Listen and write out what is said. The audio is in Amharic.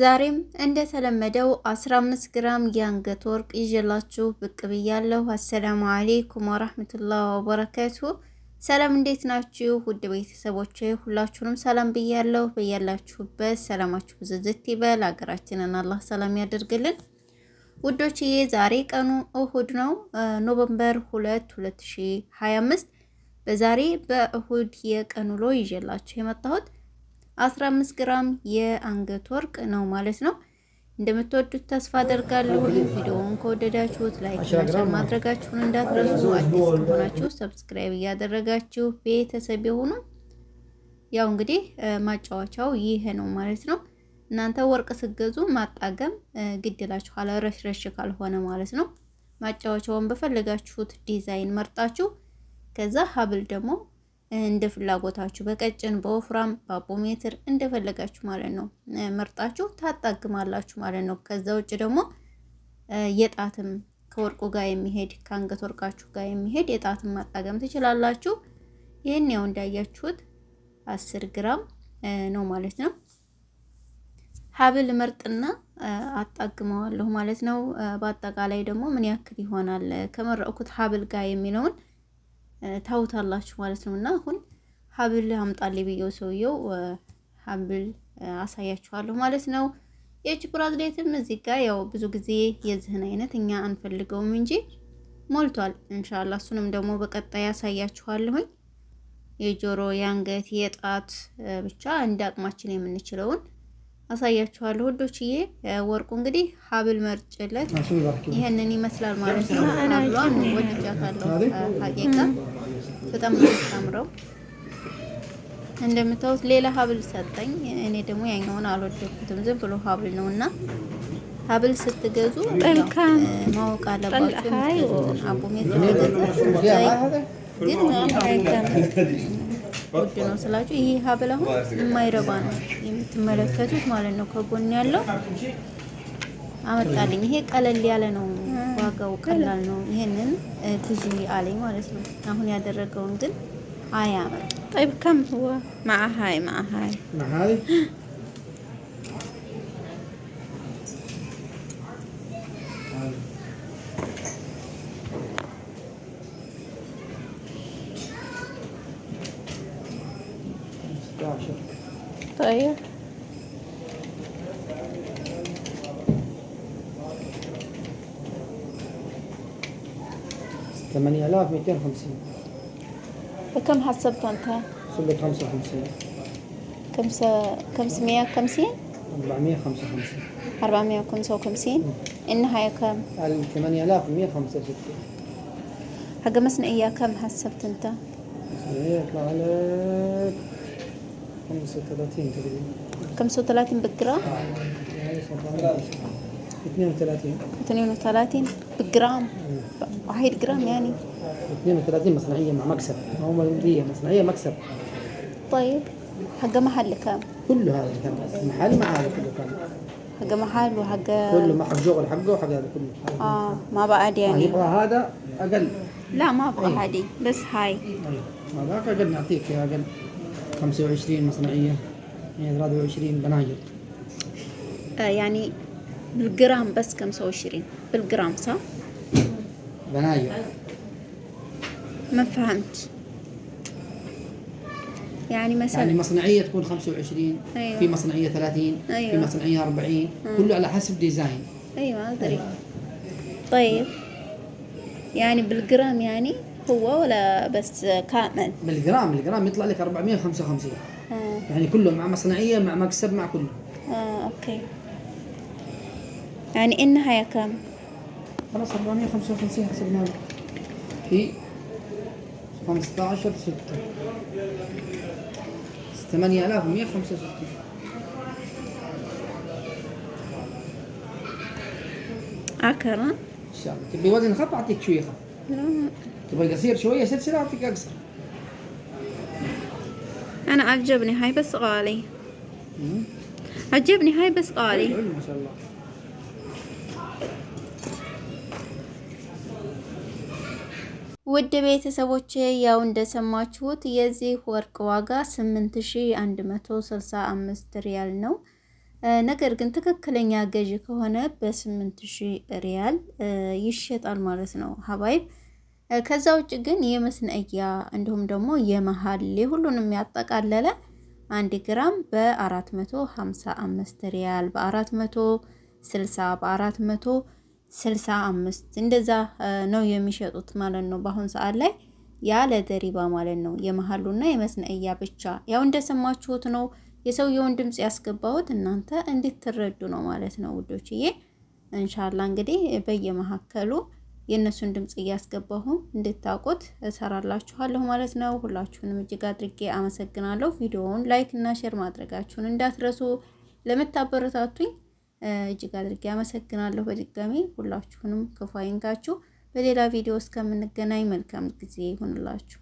ዛሬም እንደተለመደው 15 ግራም የአንገት ወርቅ ይዤላችሁ ብቅ ብያለሁ። አሰላሙ አሌይኩም ወራህመቱላህ ወበረካቱ። ሰላም እንዴት ናችሁ ውድ ቤተሰቦቼ? ሁላችሁንም ሰላም ብያለሁ። በያላችሁበት ሰላማችሁ ብዝዝት ይበል። ሀገራችንን አላህ ሰላም ያደርግልን። ውዶችዬ ዛሬ ቀኑ እሁድ ነው፣ ኖቨምበር 2 2025። በዛሬ በእሁድ የቀን ውሎ ይዤላችሁ የመጣሁት 15 ግራም የአንገት ወርቅ ነው ማለት ነው። እንደምትወዱት ተስፋ አደርጋለሁ። ቪዲዮውን ከወደዳችሁት ላይክ ሸር ማድረጋችሁን እንዳትረሱ። አዲስ ከሆናችሁ ሰብስክራይብ እያደረጋችሁ ቤተሰብ የሆኑ ያው እንግዲህ ማጫወቻው ይሄ ነው ማለት ነው። እናንተ ወርቅ ስገዙ ማጣገም ግድላችኋል፣ ረሽረሽ ካልሆነ ማለት ነው። ማጫወቻውን በፈለጋችሁት ዲዛይን መርጣችሁ ከዛ ሀብል ደግሞ እንደ ፍላጎታችሁ በቀጭን በወፍራም በአቦ ሜትር እንደፈለጋችሁ ማለት ነው መርጣችሁ ታጣግማላችሁ ማለት ነው። ከዛ ውጭ ደግሞ የጣትም ከወርቁ ጋር የሚሄድ ከአንገት ወርቃችሁ ጋር የሚሄድ የጣትም ማጣገም ትችላላችሁ። ይህን ያው እንዳያችሁት አስር ግራም ነው ማለት ነው። ሀብል መርጥና አጣግመዋለሁ ማለት ነው። በአጠቃላይ ደግሞ ምን ያክል ይሆናል ከመረቅኩት ሀብል ጋር የሚለውን ታውታላችሁ ማለት ነው። እና አሁን ሀብል አምጣልኝ ብየው ሰውየው ሀብል አሳያችኋለሁ ማለት ነው። የእጅ ብራዝሌትም እዚህ ጋር ያው ብዙ ጊዜ የዚህን አይነት እኛ አንፈልገውም እንጂ ሞልቷል። እንሻላ እሱንም ደግሞ በቀጣይ ያሳያችኋለሁኝ። የጆሮ፣ የአንገት፣ የጣት ብቻ እንደ አቅማችን የምንችለውን አሳያችኋለሁ ውዶችዬ። ወርቁ እንግዲህ ሀብል መርጭለት ይሄንን ይመስላል ማለት ነው። ሀብሏን ወድጃታለሁ። ሀቂቃ በጣም ታምረው እንደምታዩት ሌላ ሀብል ሰጠኝ። እኔ ደግሞ ያኛውን አልወደድኩትም። ዝም ብሎ ሀብል ነው እና ሀብል ስትገዙ ማወቅ አለባችሁ። አቦሜት ግን ውድ ነው ስላችሁ፣ ይሄ ሀብል አሁን የማይረባ ነው የምትመለከቱት ማለት ነው። ከጎን ያለው አመጣልኝ። ይሄ ቀለል ያለ ነው፣ ዋጋው ቀላል ነው። ይሄንን ትዥ አለኝ ማለት ነው። አሁን ያደረገውን ግን አያምር። ጠይብ ከም ህዋ ማአሃይ ማአሃይ عشر طيب ثمانية آلاف ميتين وخمسين وكم حسبت أنت؟ حسبت خمسة وخمسين كم وخمسين؟ أربعمية خمسة وخمسين أربعمية وخمسة وخمسين النهاية كم؟ ثمانية آلاف ومية خمسة وستين حق مسنا إياه كم حسبت أنت؟ يطلع لك 35 تقريبا 35 بالجرام؟ 32 آه، 32 بالجرام واحد جرام يعني 32 مصنعية مع مكسب ما هو مدية مصنعية مكسب طيب حق محل كام؟ كله هذا كام محل مع هذا كله كام حق محل وحق كله ما حق شغل حقه وحق هذا كله اه ما بعد آه، يعني يبغى هذا اقل لا ما ابغى طيب. هذه بس هاي طيب. ما ذاك اقل نعطيك اقل 25 مصنعية يعني 23 بناجر آه يعني بالجرام بس 25 بالجرام صح؟ بناجر ما فهمت يعني مثلا يعني مصنعية تكون 25 أيوة. في أيوة. مصنعية 30 أيوة. في مصنعية 40 مم. كله على حسب ديزاين ايوه ادري أيوة. طيب يعني بالجرام يعني هو ولا بس كامل؟ بالجرام الجرام يطلع لك 455 آه. يعني كله مع مصنعيه مع مكسب مع كله اه اوكي يعني النهايه كم؟ خلاص 455 حسبناها في 15 6 8165 عكرة ان شاء الله تبي وزن خف اعطيك شويه خف تبغى قصير شويه سلسله اعطيك اقصر انا عجبني هاي بس غالي عجبني هاي بس غالي ما شاء الله ውድ ቤተሰቦች ያው እንደሰማችሁት የዚህ ወርቅ ዋጋ 8165 ሪያል ነው። ነገር ግን ትክክለኛ ገዢ ከሆነ በስምንት ሺህ ሪያል ይሸጣል ማለት ነው ሀባይብ። ከዛ ውጭ ግን የመስነእያ እንዲሁም ደግሞ የመሃል ሁሉንም ያጠቃለለ አንድ ግራም በ455 ሪያል በ460 በ465 እንደዛ ነው የሚሸጡት ማለት ነው በአሁን ሰዓት ላይ ያለ ደሪባ ማለት ነው። የመሀሉና የመስነእያ ብቻ ያው እንደሰማችሁት ነው። የሰውየውን ድምፅ ያስገባሁት እናንተ እንድትረዱ ነው ማለት ነው ውዶችዬ። እንሻላ እንግዲህ በየመሀከሉ የእነሱን ድምፅ እያስገባሁም እንድታውቁት እሰራላችኋለሁ ማለት ነው። ሁላችሁንም እጅግ አድርጌ አመሰግናለሁ። ቪዲዮውን ላይክ እና ሼር ማድረጋችሁን እንዳትረሱ። ለምታበረታቱኝ እጅግ አድርጌ አመሰግናለሁ። በድጋሚ ሁላችሁንም ክፉ አይንካችሁ። በሌላ ቪዲዮ እስከምንገናኝ መልካም ጊዜ ይሁንላችሁ።